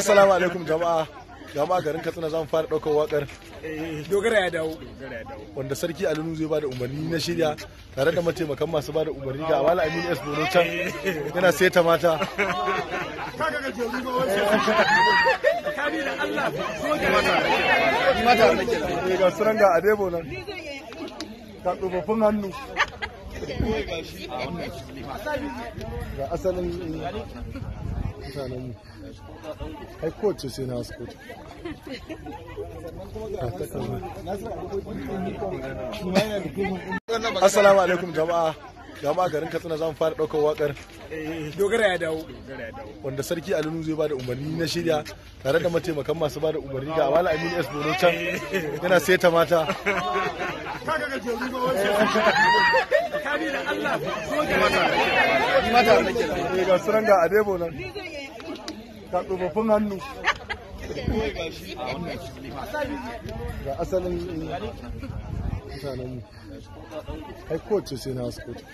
Assalamu alaikum jama'a. Jama'a garin Katsina zamu fara daukar wakar. Dogara ya dawo. Wanda sarki Alunu zai bada umarni na shirya tare da mataimakan masu bada umarni ga Awala Aminu S Bono can yana seta mata. Ga jeri ba da Allah sunan eh, ga suran ga Adebo nan. Ga tsofaffin hannu. Ga asalin eh, mutanen mu ai kowace sai na asibiti assalamu alaikum jama'a jama'a garin katsina zamu fara daukar wakar dogara ya dawo wanda sarki alinu zai bada umarni na shirya tare da mataimakan masu bada umarni ga amala amini es bono can yana seta mata mata eh, ga sunan ga adebo nan ga tsofaffin hannu ga asalin mutanenmu ai kowace sai na wasu kotu